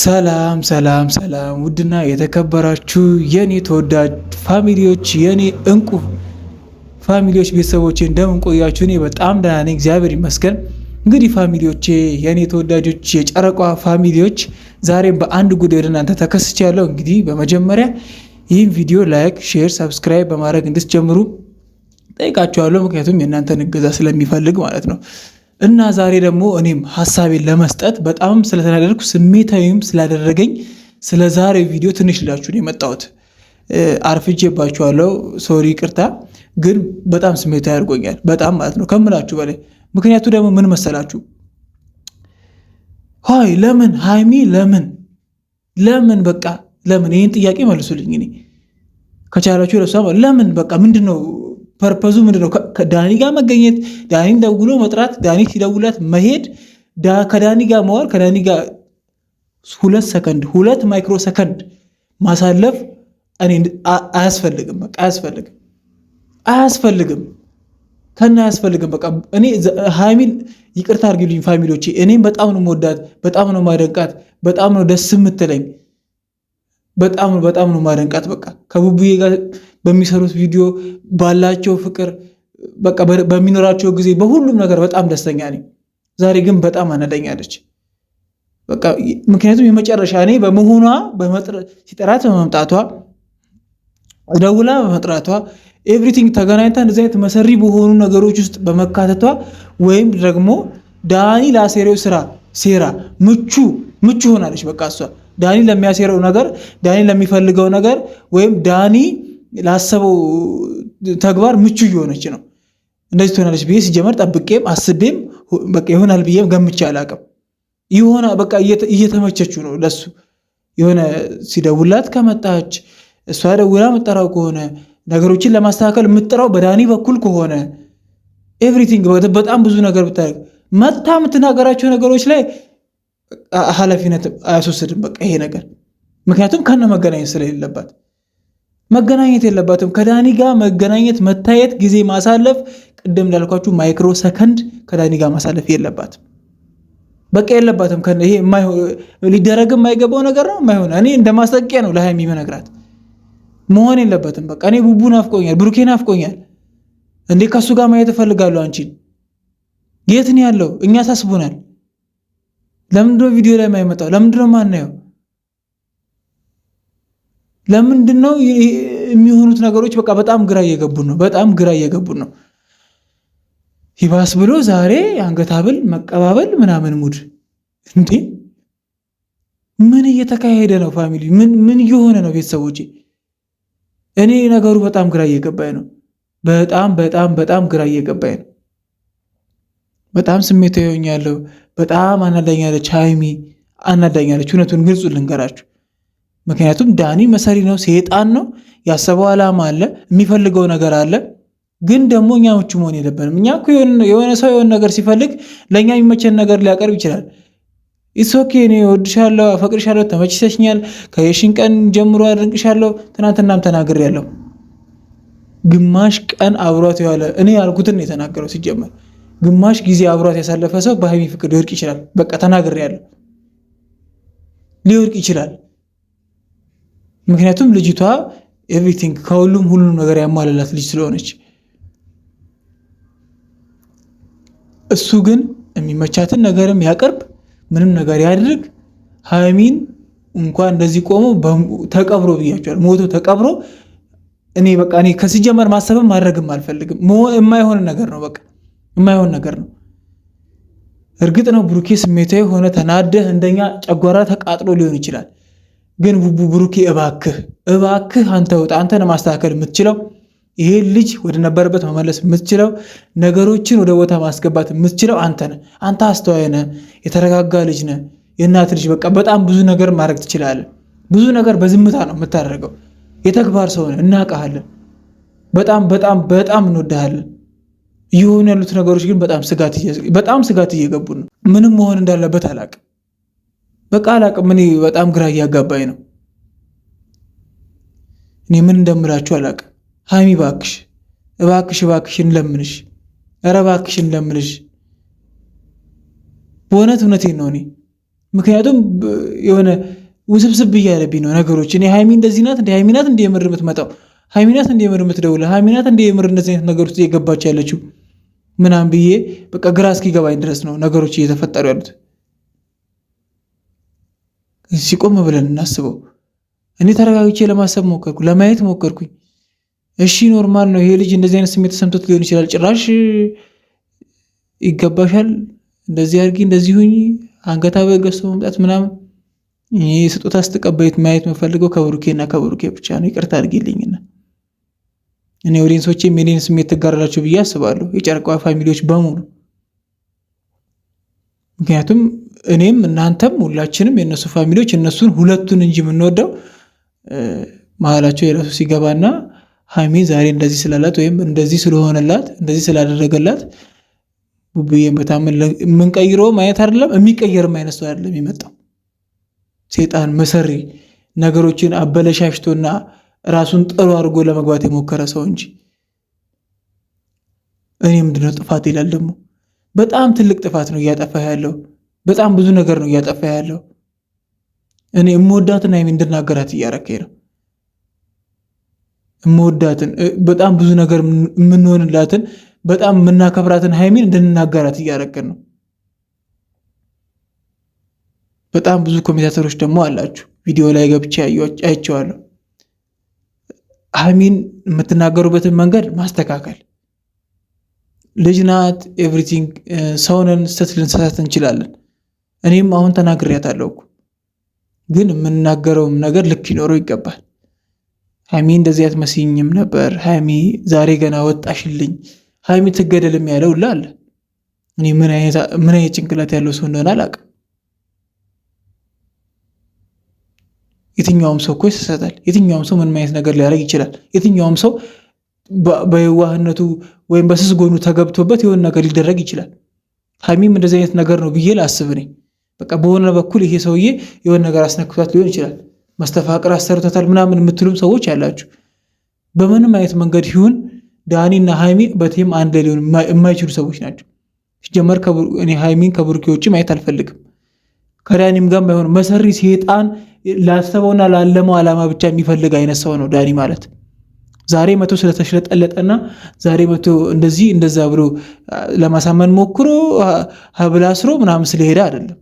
ሰላም ሰላም ሰላም ውድና የተከበራችሁ የኔ ተወዳጅ ፋሚሊዎች የኔ እንቁ ፋሚሊዎች ቤተሰቦቼ እንደምን ቆያችሁ? እኔ በጣም ደህና ነኝ፣ እግዚአብሔር ይመስገን። እንግዲህ ፋሚሊዎቼ የኔ ተወዳጆች የጨረቋ ፋሚሊዎች ዛሬም በአንድ ጉዳይ ወደ እናንተ ያለው እንግዲህ በመጀመሪያ ይህን ቪዲዮ ላይክ፣ ሼር፣ ሰብስክራይብ በማድረግ እንድትጀምሩ ጠይቃችኋለሁ። ምክንያቱም የእናንተን እገዛ ስለሚፈልግ ማለት ነው። እና ዛሬ ደግሞ እኔም ሀሳቤን ለመስጠት በጣም ስለተናደድኩ ስሜታዊም ስላደረገኝ ስለ ዛሬው ቪዲዮ ትንሽ ልላችሁ የመጣሁት አርፍጄባችኋለሁ። ሶሪ ቅርታ፣ ግን በጣም ስሜታዊ አድርጎኛል። በጣም ማለት ነው ከምላችሁ በላይ። ምክንያቱ ደግሞ ምን መሰላችሁ? ሆይ ለምን ሀይሚ ለምን ለምን በቃ ለምን ይህን ጥያቄ መልሱልኝ። እኔ ከቻላችሁ ለሷ ለምን በቃ ምንድን ነው ፐርፐዙ ምንድነው? ከዳኒ ጋር መገኘት፣ ዳኒን ደውሎ መጥራት፣ ዳኒ ሲደውላት መሄድ፣ ከዳኒ ጋር መዋል፣ ከዳኒ ጋር ሁለት ሰከንድ ሁለት ማይክሮ ሰከንድ ማሳለፍ እኔ አያስፈልግም፣ በቃ አያስፈልግም፣ አያስፈልግም ከና አያስፈልግም። በቃ እኔ ሀይሚን ይቅርታ አድርጊልኝ ፋሚሊዎቼ፣ እኔም በጣም ነው መወዳት፣ በጣም ነው ማደንቃት፣ በጣም ነው ደስ የምትለኝ በጣም በጣም ነው ማደንቃት። በቃ ከቡቡዬ ጋር በሚሰሩት ቪዲዮ ባላቸው ፍቅር በቃ በሚኖራቸው ጊዜ በሁሉም ነገር በጣም ደስተኛ ነኝ። ዛሬ ግን በጣም አነደኛለች በቃ ምክንያቱም የመጨረሻ እኔ በመሆኗ ሲጠራት በመምጣቷ ደውላ በመጥራቷ ኤቭሪቲንግ ተገናኝታ እንደዚህ አይነት መሰሪ በሆኑ ነገሮች ውስጥ በመካተቷ ወይም ደግሞ ዳኒ ለአሴሬው ስራ ሴራ ምቹ ምቹ ሆናለች። በቃ እሷ ዳኒ ለሚያሴረው ነገር፣ ዳኒ ለሚፈልገው ነገር ወይም ዳኒ ላሰበው ተግባር ምቹ እየሆነች ነው። እንደዚህ ትሆናለች ብዬ ሲጀመር ጠብቄም አስቤም በቃ ይሆናል ብዬም ገምቼ አላቅም። በቃ እየተመቸችው ነው ለሱ የሆነ ሲደውላት ከመጣች እሷ ደውላ መጠራው ከሆነ ነገሮችን ለማስተካከል የምጠራው በዳኒ በኩል ከሆነ ኤቭሪቲንግ በጣም ብዙ ነገር ብታደርግ መታ የምትናገራቸው ነገሮች ላይ ኃላፊነት አያስወስድም። በቃ ይሄ ነገር ምክንያቱም ከነ መገናኘት ስለሌለባት መገናኘት የለባትም ከዳኒ ጋር መገናኘት፣ መታየት፣ ጊዜ ማሳለፍ፣ ቅድም እንዳልኳችሁ ማይክሮ ሰከንድ ከዳኒ ጋር ማሳለፍ የለባትም። በቃ የለባትም። ይሄ የማይገባው ነገር ነው። የማይሆን እኔ እንደ ማስጠንቀቂያ ነው ለሀይሚ መነግራት መሆን የለበትም። በቃ እኔ ቡቡ ናፍቆኛል፣ ብሩኬ ናፍቆኛል። እንዴ ከሱ ጋር ማየት እፈልጋለሁ። አንቺን የት ነው ያለው? እኛ ሳስቡናል ለምንድነው ቪዲዮ ላይ የማይመጣው? ለምንድነው ማናየው? ለምንድነው የሚሆኑት ነገሮች? በቃ በጣም ግራ እየገቡን ነው። በጣም ግራ እየገቡን ነው። ይባስ ብሎ ዛሬ አንገት ሀብል መቀባበል ምናምን ሙድ እንዴ! ምን እየተካሄደ ነው? ፋሚሊ ምን እየሆነ ነው? ቤተሰቦቼ እኔ ነገሩ በጣም ግራ እየገባኝ ነው። በጣም በጣም በጣም ግራ እየገባኝ ነው። በጣም ስሜት ያለው በጣም አናዳኛለች ሀይሚ አናዳኛለች። እውነቱን ግልጹ ልንገራችሁ። ምክንያቱም ዳኒ መሰሪ ነው፣ ሴጣን ነው። ያሰበው ዓላማ አለ፣ የሚፈልገው ነገር አለ። ግን ደግሞ እኛ ምቹ መሆን የለብንም። እኛ የሆነ ሰው የሆነ ነገር ሲፈልግ ለእኛ የሚመቸን ነገር ሊያቀርብ ይችላል። ኢሶኬ እኔ እወድሻለሁ፣ አፈቅርሻለሁ፣ ተመችተሽኛል፣ ከየሽን ቀን ጀምሮ አድንቅሻለሁ፣ ትናንትናም ተናግሬያለሁ። ግማሽ ቀን አብሯት የዋለ እኔ ያልኩትን የተናገረው ሲጀመር ግማሽ ጊዜ አብሯት ያሳለፈ ሰው በሀይሚ ፍቅር ሊወድቅ ይችላል። በቃ ተናግሬያለሁ፣ ሊወድቅ ይችላል። ምክንያቱም ልጅቷ ኤቭሪቲንግ ከሁሉም ሁሉም ነገር ያሟላላት ልጅ ስለሆነች፣ እሱ ግን የሚመቻትን ነገርም ያቀርብ ምንም ነገር ያድርግ ሀይሚን እንኳን እንደዚህ ቆሞ ተቀብሮ ብያቸዋል። ሞቶ ተቀብሮ እኔ በቃ እኔ ከሲጀመር ማሰብም ማድረግም አልፈልግም። የማይሆን ነገር ነው በቃ የማይሆን ነገር ነው። እርግጥ ነው ብሩኬ ስሜታዊ የሆነ ተናደህ እንደኛ ጨጓራ ተቃጥሎ ሊሆን ይችላል። ግን ቡቡ ብሩኬ እባክህ እባክህ አንተ ውጣ። አንተን ማስተካከል የምትችለው ይሄን ልጅ ወደ ነበረበት መመለስ የምትችለው ነገሮችን ወደ ቦታ ማስገባት የምትችለው አንተ ነህ። አንተ አስተዋይ ነህ፣ የተረጋጋ ልጅ ነህ፣ የእናት ልጅ በቃ በጣም ብዙ ነገር ማድረግ ትችላለህ። ብዙ ነገር በዝምታ ነው የምታደርገው። የተግባር ሰው ነህ፣ እናውቅሃለን። በጣም በጣም በጣም እንወድሃለን። እየሆኑ ያሉት ነገሮች ግን በጣም ስጋት እየገቡ ነው። ምንም መሆን እንዳለበት አላቅም፣ በቃ አላቅም። እኔ በጣም ግራ እያጋባኝ ነው። እኔ ምን እንደምላችሁ አላቅም። ሀሚ ባክሽ፣ እባክሽ፣ እባክሽ እንለምንሽ፣ ኧረ ባክሽ እንለምንሽ። በእውነት እውነቴን ነው እኔ ምክንያቱም የሆነ ውስብስብ እያለብኝ ነው ነገሮች። እኔ ሀይሚ እንደዚህ ናት እንደ ሀይሚ ናት እንደ የምር የምትመጣው ሀይሚ ናት እንደ የምር የምትደውለው ሀይሚ ናት እንደ የምር እንደዚህ አይነት ነገር ውስጥ የገባች ያለችው ምናምን ብዬ በቃ ግራ እስኪገባኝ ድረስ ነው ነገሮች እየተፈጠሩ ያሉት። ሲቆም ብለን እናስበው። እኔ ተረጋግቼ ለማሰብ ሞከርኩ፣ ለማየት ሞከርኩኝ። እሺ ኖርማል ነው ይሄ ልጅ እንደዚህ አይነት ስሜት ተሰምቶት ሊሆን ይችላል። ጭራሽ ይገባሻል፣ እንደዚህ አድርጊ፣ እንደዚህ ሁኚ፣ አንገታ በገሶ መምጣት ምናምን። ይህ ስጦታ ስትቀበይት ማየት መፈልገው ከብሩኬና ከብሩኬ ብቻ ነው። ይቅርታ አድርጊልኝና እኔ ኦዲየንሶቼም የሚሊን ስሜት ትጋራላችሁ ብዬ አስባለሁ፣ የጨረቃ ፋሚሊዎች በሙሉ ምክንያቱም እኔም እናንተም ሁላችንም የእነሱ ፋሚሊዎች እነሱን ሁለቱን እንጂ የምንወደው መሀላቸው የራሱ ሲገባና ሀሚ ዛሬ እንደዚህ ስላላት ወይም እንደዚህ ስለሆነላት እንደዚህ ስላደረገላት ቡቡዬ በጣም የምንቀይረው ማየት አይደለም የሚቀየርም አይነት ሰው አይደለም የመጣው ሴጣን መሰሪ ነገሮችን አበለሻሽቶና ራሱን ጥሩ አድርጎ ለመግባት የሞከረ ሰው እንጂ እኔ ምንድነው ጥፋት ይላል ደግሞ። በጣም ትልቅ ጥፋት ነው እያጠፋ ያለው። በጣም ብዙ ነገር ነው እያጠፋ ያለው። እኔ እምወዳትን ሀይሚ እንድናገራት እያረከኝ ነው። እምወዳትን በጣም ብዙ ነገር የምንሆንላትን በጣም የምናከብራትን ሀይሚን እንድንናገራት እያረከን ነው። በጣም ብዙ ኮሜንታተሮች ደግሞ አላችሁ ቪዲዮ ላይ ገብቼ አይቼዋለሁ። ሀሚን የምትናገሩበትን መንገድ ማስተካከል። ልጅ ናት ኤቭሪቲንግ። ሰውነን ስህተት ልንሰሳት እንችላለን። እኔም አሁን ተናግሬያታለሁ እኮ ግን የምንናገረውም ነገር ልክ ሊኖረው ይገባል። ሀሚ እንደዚህ አትመስኝም ነበር፣ ሀሚ ዛሬ ገና ወጣሽልኝ፣ ሀሚ ትገደልም ያለው ላለ እኔ ምን አይነት ጭንቅላት ያለው ሰው እንደሆነ አላውቅም። የትኛውም ሰው እኮ ይሰሰታል። የትኛውም ሰው ምንም አይነት ነገር ሊያደርግ ይችላል። የትኛውም ሰው በየዋህነቱ ወይም በስስ ጎኑ ተገብቶበት የሆነ ነገር ሊደረግ ይችላል። ሀሚም እንደዚህ አይነት ነገር ነው ብዬ ላስብ በቃ በሆነ በኩል ይሄ ሰውዬ የሆነ ነገር አስነክቷት ሊሆን ይችላል። መስተፋቅር አሰርቶታል ምናምን የምትሉም ሰዎች አላችሁ። በምንም አይነት መንገድ ሲሆን ዳኒና ሀይሚ በቴም አንድ ላይ ሊሆን የማይችሉ ሰዎች ናቸው። ሲጀመር እኔ ሀይሚን ከብሩኬ ውጭ ማየት አልፈልግም። ከዳኒም ጋር ባይሆን መሰሪ ሴጣን ላሰበውና ላለመው ዓላማ ብቻ የሚፈልግ አይነት ሰው ነው ዳኒ ማለት። ዛሬ መቶ ስለተሽለጠለጠና ዛሬ መቶ እንደዚህ እንደዛ ብሎ ለማሳመን ሞክሮ ሀብል አስሮ ምናምን ስለሄደ አይደለም።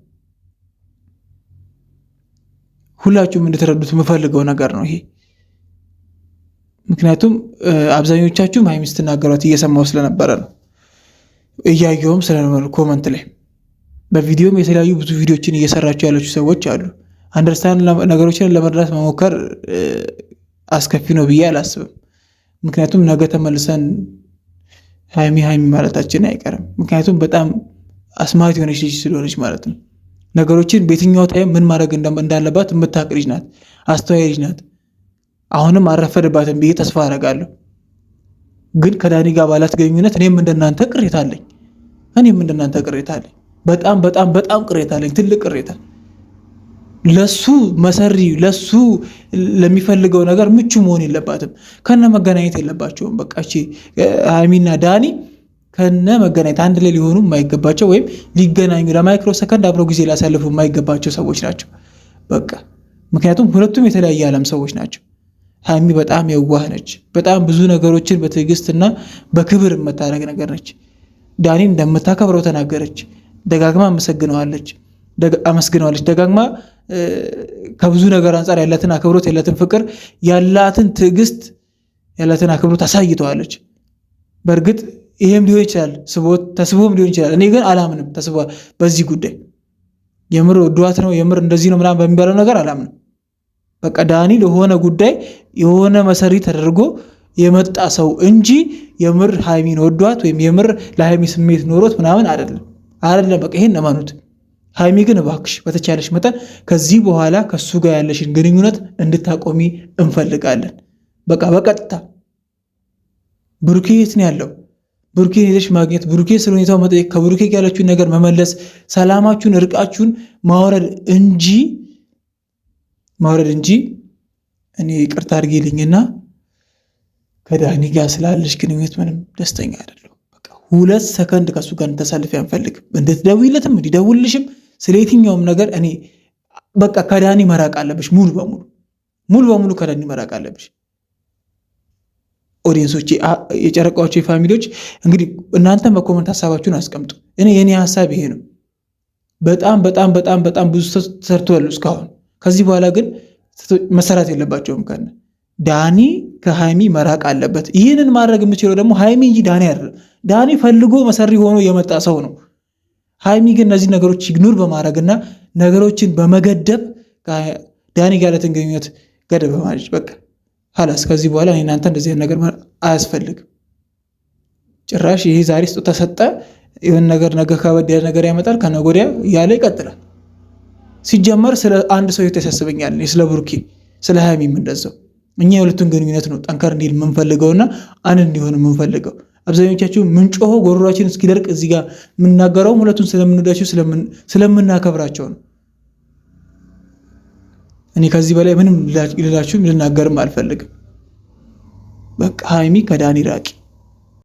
ሁላችሁም እንድትረዱት የምፈልገው ነገር ነው ይሄ። ምክንያቱም አብዛኞቻችሁም ሀይሚ ስትናገሯት እየሰማው ስለነበረ ነው እያየውም ስለነበረ ኮመንት ላይ በቪዲዮም የተለያዩ ብዙ ቪዲዮችን እየሰራችሁ ያላችሁ ሰዎች አሉ። አንደርስታንድ ነገሮችን ለመረዳት መሞከር አስከፊ ነው ብዬ አላስብም። ምክንያቱም ነገ ተመልሰን ሀይሚ ሀይሚ ማለታችን አይቀርም። ምክንያቱም በጣም አስማት የሆነች ልጅ ስለሆነች ማለት ነው። ነገሮችን በየትኛው ታይም ምን ማድረግ እንዳለባት የምታቅ ልጅ ናት፣ አስተዋይ ልጅ ናት። አሁንም አረፈድባትም ብዬ ተስፋ አደርጋለሁ። ግን ከዳኒ ጋር ባላት ግንኙነት እኔም እንደናንተ ቅሬታ አለኝ። እኔም እንደናንተ ቅሬታ አለኝ። በጣም በጣም በጣም ቅሬታ አለኝ። ትልቅ ቅሬታ ለሱ መሰሪ ለሱ ለሚፈልገው ነገር ምቹ መሆን የለባትም። ከነ መገናኘት የለባቸውም። በቃ ሀይሚና ዳኒ ከነ መገናኘት አንድ ላይ ሊሆኑ የማይገባቸው ወይም ሊገናኙ ለማይክሮ ሰከንድ ጊዜ ሊያሳልፉ የማይገባቸው ሰዎች ናቸው። በቃ ምክንያቱም ሁለቱም የተለያየ ዓለም ሰዎች ናቸው። ሀይሚ በጣም የዋህ ነች። በጣም ብዙ ነገሮችን በትዕግስትና በክብር የምታደርግ ነገር ነች። ዳኒ እንደምታከብረው ተናገረች። ደጋግማ አመሰግነዋለች አመስግነዋለች ደጋግማ ከብዙ ነገር አንጻር ያላትን አክብሮት ያላትን ፍቅር ያላትን ትዕግስት ያላትን አክብሮት አሳይተዋለች። በእርግጥ ይሄም ሊሆን ይችላል ስቦት ተስቦም ሊሆን ይችላል። እኔ ግን አላምንም ተስቦ በዚህ ጉዳይ የምር ወዷት ነው የምር እንደዚህ ነው ምናምን በሚባለው ነገር አላምንም። በቃ ዳኒ ለሆነ ጉዳይ የሆነ መሰሪ ተደርጎ የመጣ ሰው እንጂ የምር ሀይሚን ወዷት ወይም የምር ለሀይሚ ስሜት ኖሮት ምናምን አይደለም አይደለም። በቃ ይሄን ነማኑት። ሀይሚ ግን እባክሽ በተቻለሽ መጠን ከዚህ በኋላ ከሱ ጋር ያለሽን ግንኙነት እንድታቆሚ እንፈልጋለን። በቃ በቀጥታ ብሩኬ የት ነው ያለው? ብሩኬን ሄደሽ ማግኘት፣ ብሩኬ ስለ ሁኔታው መጠየቅ፣ ከብሩኬ ያለችውን ነገር መመለስ፣ ሰላማችሁን እርቃችሁን ማውረድ እንጂ ማውረድ እንጂ እኔ ይቅርታ አድርጌልኝና ከዳኒ ጋር ስላለሽ ግንኙነት ምንም ደስተኛ አይደለሁ። ሁለት ሰከንድ ከሱ ጋር እንድታሳልፊ አንፈልግም። እንድትደውይለትም እንዲደውልሽም ስለ የትኛውም ነገር እኔ በቃ ከዳኒ መራቅ አለብሽ። ሙሉ በሙሉ ሙሉ በሙሉ ከዳኒ መራቅ አለብሽ። ኦዲየንሶች፣ የጨረቃዎች ፋሚሊዎች እንግዲህ እናንተም በኮመንት ሀሳባችሁን አስቀምጡ። እኔ የኔ ሀሳብ ይሄ ነው። በጣም በጣም በጣም በጣም ብዙ ያሉ እስካሁን። ከዚህ በኋላ ግን መሰራት የለባቸውም። ከነ ዳኒ ከሃይሚ መራቅ አለበት። ይህንን ማድረግ የምችለው ደግሞ ሃይሚ እንጂ ዳኒ አይደለም። ዳኒ ፈልጎ መሰሪ ሆኖ የመጣ ሰው ነው። ሀይሚ ግን እነዚህ ነገሮች ኢግኖር በማድረግና ነገሮችን በመገደብ ዳኒ ጋር ያለትን ግንኙነት ገደብ በማድረግ በቃ ሀላስ ከዚህ በኋላ እናንተ እንደዚህ ነገር አያስፈልግም። ጭራሽ ይሄ ዛሬ ስጦታ ሰጠ ይህን ነገር ነገ ከበድ ያለ ነገር ያመጣል ከነገ ወዲያ ያለ ይቀጥላል። ሲጀመር ስለ አንድ ሰው ህይወት ያሳስበኛል። ስለ ብሩኬ፣ ስለ ሀይሚ የምንደዘው እኛ የሁለቱን ግንኙነት ነው ጠንከር እንዲል የምንፈልገውና አንድ እንዲሆን የምንፈልገው አብዛኞቻችሁ ምንጮሆ ጎሮሯችን እስኪደርቅ እዚህ ጋር የምናገረውም ሁለቱን ስለምንወዳቸው ስለምናከብራቸው ነው። እኔ ከዚህ በላይ ምንም ልላችሁም ልናገርም አልፈልግም። በቃ ሀይሚ ከዳኒ ራቂ።